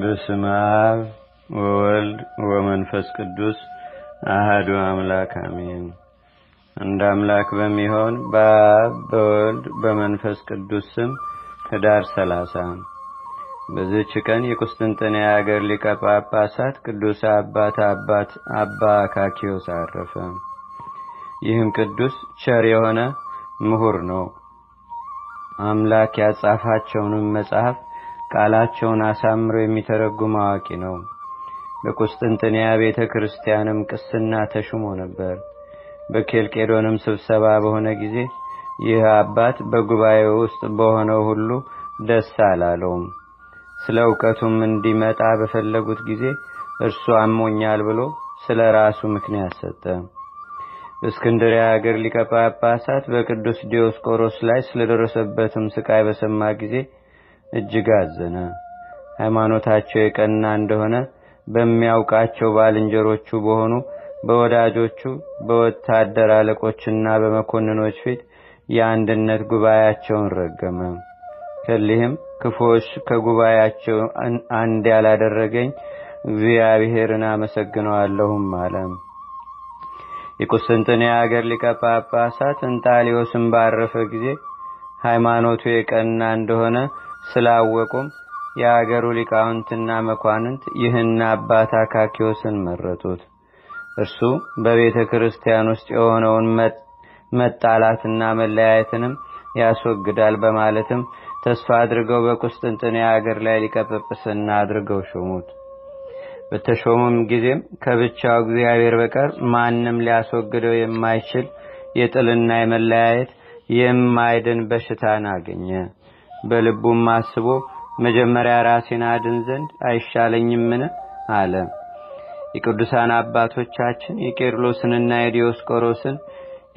በስም አብ ወወልድ ወመንፈስ ቅዱስ አህዱ አምላክ አሜን። እንደ አምላክ በሚሆን በአብ በወልድ በመንፈስ ቅዱስ ስም ህዳር ሰላሳ በዚህች ቀን የቁስጥንጥንያ አገር ሊቀ ጳጳሳት ቅዱስ አባት አባት አባ አካኪዮስ አረፈ። ይህም ቅዱስ ቸር የሆነ ምሁር ነው። አምላክ ያጻፋቸውንም መጽሐፍ ቃላቸውን አሳምሮ የሚተረጉም አዋቂ ነው። በቁስጥንጥንያ ቤተ ክርስቲያንም ቅስና ተሹሞ ነበር። በኬልቄዶንም ስብሰባ በሆነ ጊዜ ይህ አባት በጉባኤ ውስጥ በሆነው ሁሉ ደስ አላለውም። ስለ እውቀቱም እንዲመጣ በፈለጉት ጊዜ እርሱ አሞኛል ብሎ ስለ ራሱ ምክንያት ሰጠ። እስክንድሪያ አገር ሊቀ ጳጳሳት በቅዱስ ዲዮስቆሮስ ላይ ስለደረሰበትም ስቃይ በሰማ ጊዜ እጅግ አዘነ። ሃይማኖታቸው የቀና እንደሆነ በሚያውቃቸው ባልንጀሮቹ በሆኑ በወዳጆቹ በወታደር አለቆችና በመኮንኖች ፊት የአንድነት ጉባኤያቸውን ረገመ። ከሊህም ክፎች ከጉባኤያቸው አንድ ያላደረገኝ እግዚአብሔርን አመሰግነዋለሁም አለ። የቁስጥንጥንያ አገር ሊቀ እንጣሊዮስን ባረፈ ጊዜ ሃይማኖቱ የቀና እንደሆነ ስላወቁም የአገሩ ሊቃውንትና መኳንንት ይህን አባት አካኪዎስን መረጡት። እርሱ በቤተ ክርስቲያን ውስጥ የሆነውን መጣላትና መለያየትንም ያስወግዳል በማለትም ተስፋ አድርገው በቁስጥንጥን የአገር ላይ ሊቀጵጵስና አድርገው ሾሙት። በተሾሙም ጊዜም ከብቻው እግዚአብሔር በቀር ማንም ሊያስወግደው የማይችል የጥልና የመለያየት የማይድን በሽታን አገኘ። በልቡም አስቦ መጀመሪያ ራሴን አድን ዘንድ አይሻለኝምን አለ። የቅዱሳን አባቶቻችን የቄርሎስንና የዲዮስቆሮስን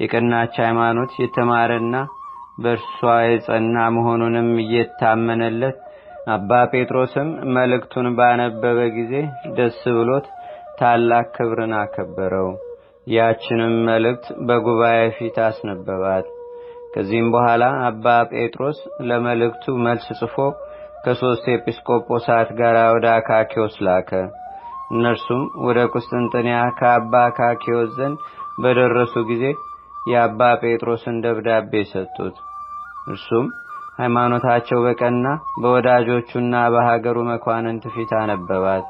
የቀናች ሃይማኖት የተማረና በእርሷ የጸና መሆኑንም እየታመነለት አባ ጴጥሮስም መልእክቱን ባነበበ ጊዜ ደስ ብሎት ታላቅ ክብርን አከበረው። ያችንም መልእክት በጉባኤ ፊት አስነበባት። ከዚህም በኋላ አባ ጴጥሮስ ለመልእክቱ መልስ ጽፎ ከሦስት ኤጲስቆጶሳት ጋር ወደ አካኪዎስ ላከ። እነርሱም ወደ ቁስጥንጥንያ ከአባ አካኪዎስ ዘንድ በደረሱ ጊዜ የአባ ጴጥሮስን ደብዳቤ ሰጡት። እርሱም ሃይማኖታቸው በቀና በወዳጆቹና በሀገሩ መኳንንት ፊት አነበባት።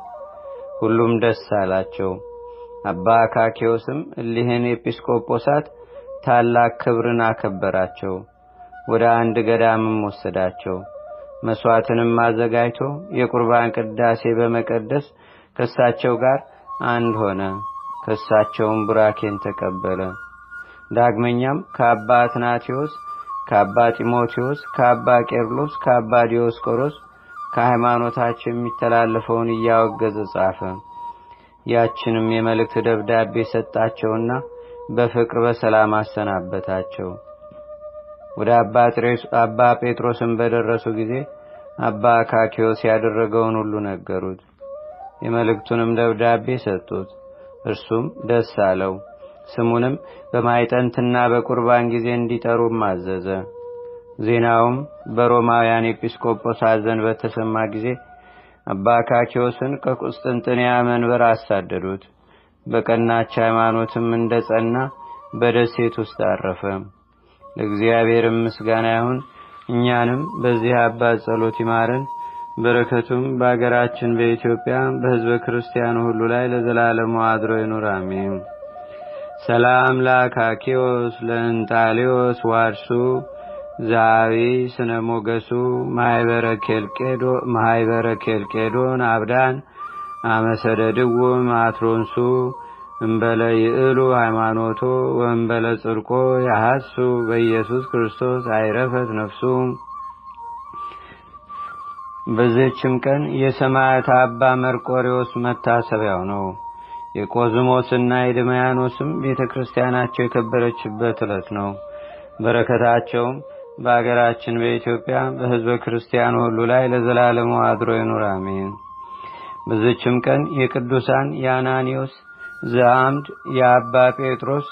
ሁሉም ደስ አላቸው። አባ አካኪዎስም እሊህን ኤጲስቆጶሳት ታላቅ ክብርን አከበራቸው። ወደ አንድ ገዳምም ወሰዳቸው። መሥዋዕትንም አዘጋጅቶ የቁርባን ቅዳሴ በመቀደስ ከሳቸው ጋር አንድ ሆነ። ከሳቸውም ቡራኬን ተቀበለ። ዳግመኛም ከአባ አትናቴዎስ፣ ከአባ ጢሞቴዎስ፣ ከአባ ቄርሎስ፣ ከአባ ዲዮስቆሮስ ከሃይማኖታቸው የሚተላለፈውን እያወገዘ ጻፈ። ያችንም የመልእክት ደብዳቤ ሰጣቸውና በፍቅር በሰላም አሰናበታቸው። ወደ አባ ጴጥሮስን በደረሱ ጊዜ አባ አካኪዎስ ያደረገውን ሁሉ ነገሩት። የመልእክቱንም ደብዳቤ ሰጡት። እርሱም ደስ አለው። ስሙንም በማይጠንትና በቁርባን ጊዜ እንዲጠሩም አዘዘ። ዜናውም በሮማውያን ኤጲስቆጶስ አዘን በተሰማ ጊዜ አባ አካኪዎስን ከቁስጥንጥንያ መንበር አሳደዱት። በቀናች ሃይማኖትም እንደ ጸና በደሴት ውስጥ አረፈ። ለእግዚአብሔርም ምስጋና ይሁን። እኛንም በዚህ አባት ጸሎት ይማረን። በረከቱም በአገራችን በኢትዮጵያ በህዝበ ክርስቲያኑ ሁሉ ላይ ለዘላለሙ አድሮ ይኑር፣ አሜን። ሰላም ለአካኪዎስ ለእንጣሊዎስ ዋርሱ ዛቢ ስነ ሞገሱ ማይበረ ኬልቄዶን አብዳን አመሰደድው ማትሮንሱ እንበለ ይእሉ ሃይማኖቶ ወእንበለ ጽድቆ ያሐሱ በኢየሱስ ክርስቶስ አይረፈት ነፍሱ። በዘችም ቀን የሰማያት አባ መርቆሪዎስ መታሰቢያው ነው። የቆዝሞስና የድማያኖስም ቤተ ክርስቲያናቸው የከበረችበት ዕለት ነው። በረከታቸውም በአገራችን በኢትዮጵያ በህዝበ ክርስቲያን ሁሉ ላይ ለዘላለሙ አድሮ ይኑር፣ አሜን። በዚችም ቀን የቅዱሳን የአናኒዎስ ዘአምድ የአባ ጴጥሮስ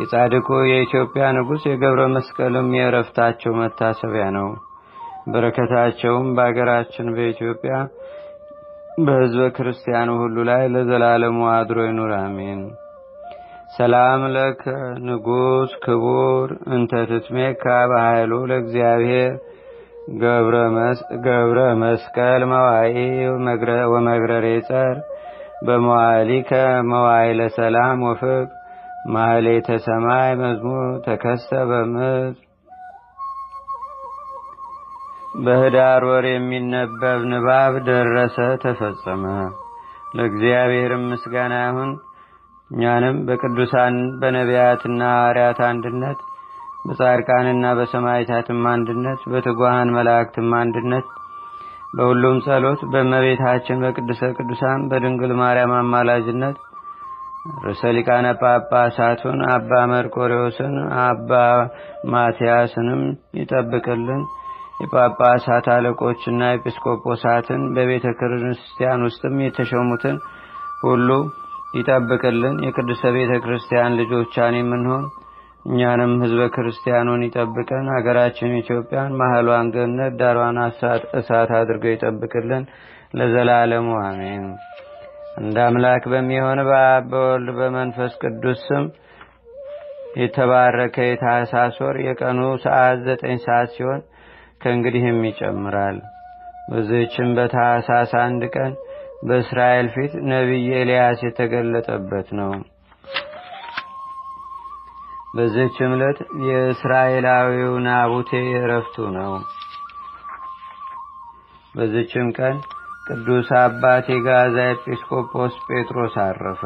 የጻድቁ የኢትዮጵያ ንጉሥ የገብረ መስቀልም የእረፍታቸው መታሰቢያ ነው። በረከታቸውም በአገራችን በኢትዮጵያ በሕዝበ ክርስቲያኑ ሁሉ ላይ ለዘላለሙ አድሮ ይኑር፣ አሜን። ሰላም ለከ ንጉሥ ክቡር እንተ ትትሜካ ለእግዚአብሔር ገብረ መስቀል መዋይ ወመግረሬ ፀር በመዋዕሊከ መዋይ ለሰላም ወፍቅ ማህሌተ ተሰማይ መዝሙር ተከሰ በምድር በህዳር ወር የሚነበብ ንባብ ደረሰ ተፈጸመ። ለእግዚአብሔር ምስጋና ይሁን። እኛንም በቅዱሳን በነቢያትና አርያት አንድነት በጻድቃንና በሰማይታትም አንድነት በትጓሃን መላእክትም አንድነት በሁሉም ጸሎት በመቤታችን በቅድሰ ቅዱሳን በድንግል ማርያም አማላጅነት ርዕሰ ሊቃነ ጳጳሳቱን አባ መርቆሪዎስን አባ ማትያስንም ይጠብቅልን። የጳጳሳት አለቆችና ኤጲስቆጶሳትን በቤተ ክርስቲያን ውስጥም የተሾሙትን ሁሉ ይጠብቅልን። የቅድሰ ቤተ ክርስቲያን ልጆቻን የምንሆን እኛንም ህዝበ ክርስቲያኑን ይጠብቀን። ሀገራችን ኢትዮጵያን ማህሏን ገነት ዳሯን እሳት አድርገው ይጠብቅልን ለዘላለሙ አሜን። እንደ አምላክ በሚሆን በአብ በወልድ በመንፈስ ቅዱስ ስም የተባረከ የታህሳስ ወር የቀኑ ሰዓት ዘጠኝ ሰዓት ሲሆን ከእንግዲህም ይጨምራል። በዚህችም በታህሳስ አንድ ቀን በእስራኤል ፊት ነቢይ ኤልያስ የተገለጠበት ነው። በዚህች ዕለት የእስራኤላዊው ናቡቴ እረፍቱ ነው። በዚችም ቀን ቅዱስ አባት የጋዛ ኤጲስቆጶስ ጴጥሮስ አረፈ።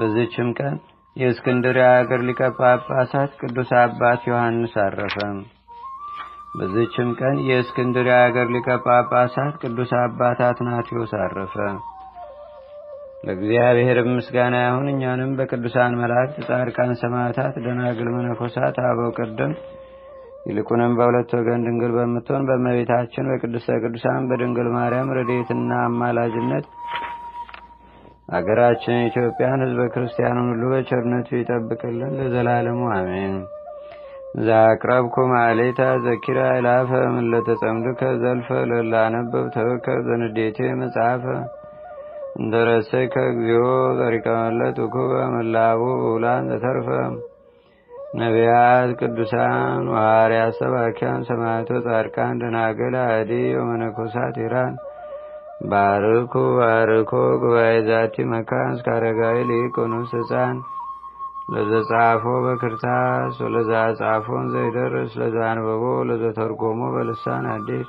በዚችም ቀን የእስክንድር አገር ሊቀ ጳጳሳት ቅዱስ አባት ዮሐንስ አረፈ። በዚችም ቀን የእስክንድርያ አገር ሊቀ ጳጳሳት ቅዱስ አባት አትናቴዎስ አረፈ። ለእግዚአብሔር ምስጋና ይሁን። እኛንም በቅዱሳን መላእክት፣ ጻድቃን፣ ሰማዕታት፣ ደናግል፣ መነኮሳት፣ አበው ቅድም ይልቁንም በሁለት ወገን ድንግል በምትሆን በእመቤታችን በቅድስተ ቅዱሳን በድንግል ማርያም ረድኤትና አማላጅነት አገራችን ኢትዮጵያን ሕዝበ ክርስቲያኑን ሁሉ በቸርነቱ ይጠብቅልን ለዘላለሙ አሜን። ዛቅረብኩ ማሌታ ዘኪራ ይላፈ ምን ለተጸምዱከ ዘልፈ ለላነበብ ተወከ ዘንዴቴ መጽሐፈ እንተረሰይከ ከእግዚኦ ጸሪቀመለት ውኩበ መላቡ ብውላን ተተርፈ ነቢያት፣ ቅዱሳን፣ ዋርያት፣ ሰባኪያን፣ ሰማዕቶ፣ ጻድቃን፣ ደናገል አዲ ወመነኮሳት ኢራን ባርኩ ባርኮ ጉባኤ ዛቲ መካን እስከ አረጋዊ ሊቅ ወንውስ ህፃን ለዘጻፎ በክርታስ ወለዛ ጻፎን ዘይደርስ ለዛ አንበቦ ለዘተርጎሞ በልሳን አዲስ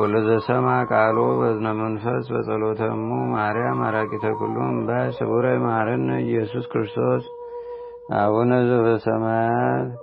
ወለዘሰማ ቃሎ በዝነ መንፈስ በጸሎተሙ ማርያም አራቂ ተኩሉም እምባይ ማርን ኢየሱስ ክርስቶስ አቡነ ዘበሰማያት